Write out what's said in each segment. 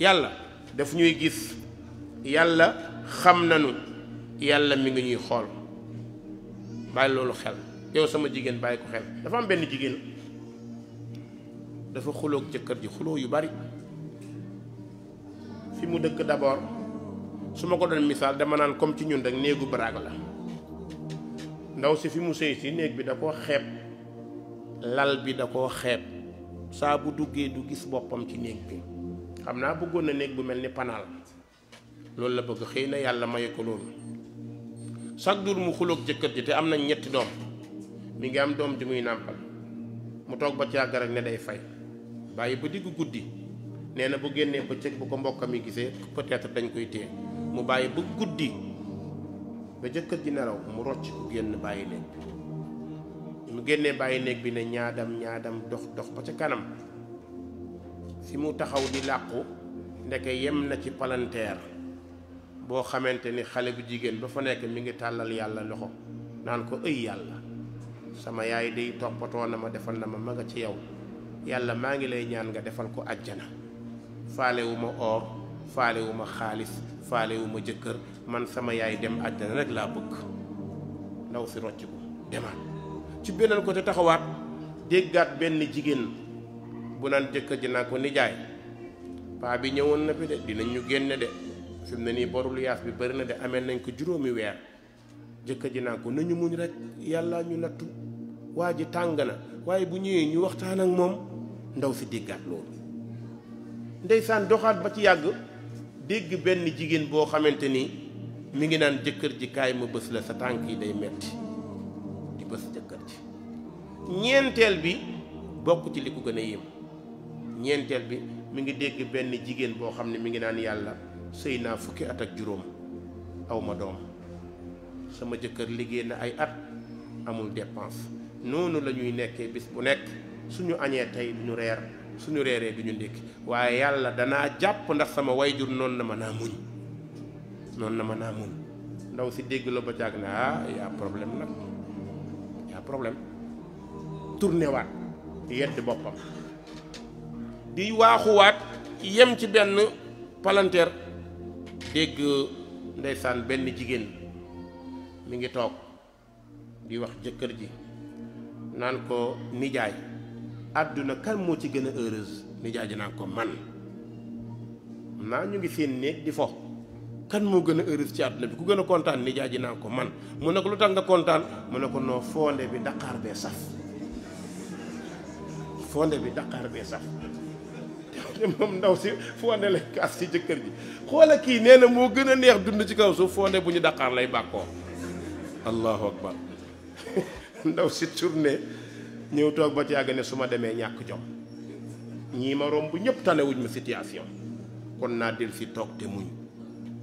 yàlla daf ñuy gis yàlla xam nañu yàlla mi ngi ñuy xool bàyyi loolu xel yow sama jigéen bàyyi ko xel dafa am benn jigéen dafa xuloog jëkkër ji xuloo yu bari fi mu dëkk d'abord su ma ko doon misaal dama naan comme ci ñun rek néegu baraag la ndaw si fi mu sey si néeg bi da koo xeeb lal bi da koo xeeb saa bu duggee du gis boppam ci néeg bi xam naa bëggoon na néeg bu mel ni panaal loolu la bëgg xëy na yàlla maye ko loolu chaque jour mu xuloog jëkkër ji te am nañ ñetti doom mi ngi am doom ji muy nàmpal mu toog ba ci ne day fay bàyyi ba diggu guddi nee na bu génnee bëccëg bu ko mbokkam yi gisee peut-être dañ koy téye mu bàyyi ba guddi ba jëkkër ji nelaw mu rocc ku génn bàyyi néeg bi mu génnee bàyyi néeg bi ne ñaadam ñaadam dox dox ba ci kanam fi mu taxaw di làqu ndeke yem na ci palanteer boo xamante ni xale bu jigéen ba fa nekk mi ngi tàllal yàlla loxo naan ko ëy yàlla sama yaay day toppatoo na ma defal na ma ma nga ci yow yàlla maa ngi lay ñaan nga defal ko ajjana faalewu ma or faalewu ma xaalis faalewu ma jëkkër man sama yaay dem ajjana rek laa bëgg ndaw si rocc ko ci beneen côté taxawaat déggaat benn jigéen bu naan jëkkër ji naa ko nijaay paa bi ñëwoon na fi de dinañ ñu génn de fi na ne nii borul yaas bi bëri na de amee nañ ko juróomi weer jëkkër ji naa ko nañu muñ rek yàlla ñu nattu waa ji tàng na waaye bu ñëwee ñu waxtaan ak moom ndaw si déggaat loolu ndeysaan doxaat ba ci yàgg dégg benn jigéen boo xamante ni mi ngi naan jëkkër ji kaay ma bës la sa tànk yi day metti di bës jëkkër ji ñeenteel bi bokk ci li ko gën a yéem ñeenteel bi mu ngi dégg benn jigéen boo xam ne mi ngi naan yàlla sëy naa fukki at ak juróom aw ma doom sama jëkkër liggéey na ay at amul dépense noonu la ñuy nekkee bis bu nekk suñu añee tey du ñu reer suñu reeree du ñu ndékki waaye yàlla danaa jàpp ndax sama way jur noonu na ma naa muñ noonu na ma naa muñ ndaw si dégg la ba jàgg na ah yaa problème nag yaa problème tourné yedd boppam di waaxuwaat yem ci benn palanteer dégg ndeysaan benn jigéen mi ngi toog di wax jëkkër ji naan ko nijaay àdduna kan moo ci gën a heureuse nijaay ji naan ko man naa ñu ngi seen néeg di fo kan moo gën a heureuse ci àdduna bi ku gën a kontaan nijaay ji naan ko man mu ne ko lu tax nga kontaan mu ne ko noo fonde bi daqaar bee saf fonde bi daqaar bee saf te moom ndaw si fonde lay kaas ci jëkkër ji xoola kii nee na moo gën a neex dund ci kaw suuf fonde bu ñu daqaar lay bàkkoo allahu akbar ndaw si tourné ñëw toog ba ci yàgg ne su ma demee ñàkk jom ñii ma romb ñëpp tanewuñ ma situation kon naa del si toog te muñ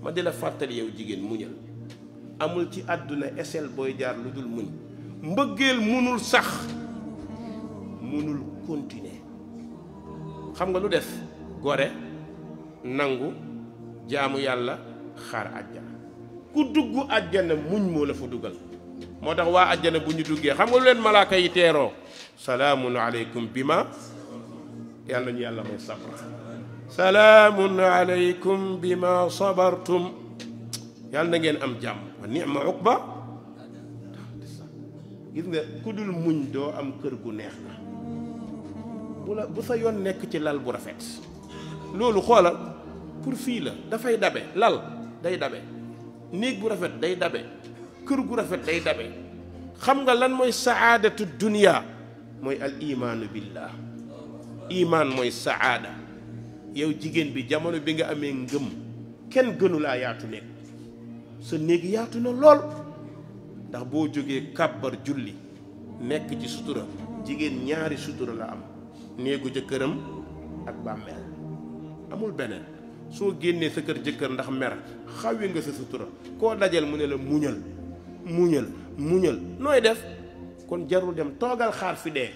ma di la fàttali jigéen muñal amul ci àdduna eseel booy jaar lu dul muñ mbëggeel mënul sax mënul continuer xam nga lu des gore nangu jaamu yàlla xaar àjjana ku dugg àjjana muñ moo la fa dugal moo tax waa àjjana bu ñu duggee xam nga lu leen malaaka yi teeroo salaamun aleykum bi ma sabartum yàlla na ngeen am jàmm wa nima uqba gis nga ku dul muñ doo am kër gu neex la bu la bu sa yoon nekk ci lal bu rafet loolu xoolal pour fii la dafay dabe lal day dabe néeg bu rafet day dabe kër gu rafet day dabe xam nga lan mooy saadatu dunia mooy al imaanu billah imaan mooy saada yow jigéen bi jamono bi nga amee ngëm kenn gënulaa yaatu néeg sa néeg yaatu na lool ndax boo jógee kàbbar julli nekk ci sutura jigéen ñaari sutura la am néegu jëkkëram ak bàmmeel amul beneen soo génnee sa kër jëkkër ndax mer xawwi nga sa sutura koo dajal mu ne la muñal muñal muñal nooy def kon jarul dem toogal xaar fi dee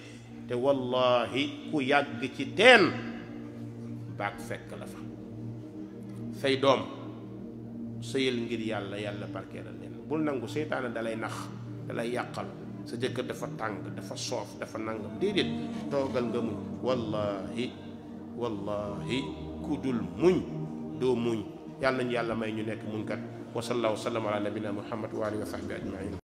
te wallahi ku yàgg ci teen baag fekk la fa say doom sëyal ngir yàlla yàlla barkee la leen bul nangu seytaane dalay nax dalay yàqal sa jëkkër dafa tàng dafa soof dafa nangam déedéet toogal nga muñ wallahi wallahi kudul dul muñ doo muñ yàlla nañu yàlla may ñu nekk muñkat wa sallallahu sallam ala nabina muhammad wa alihi wa sahbi ajmain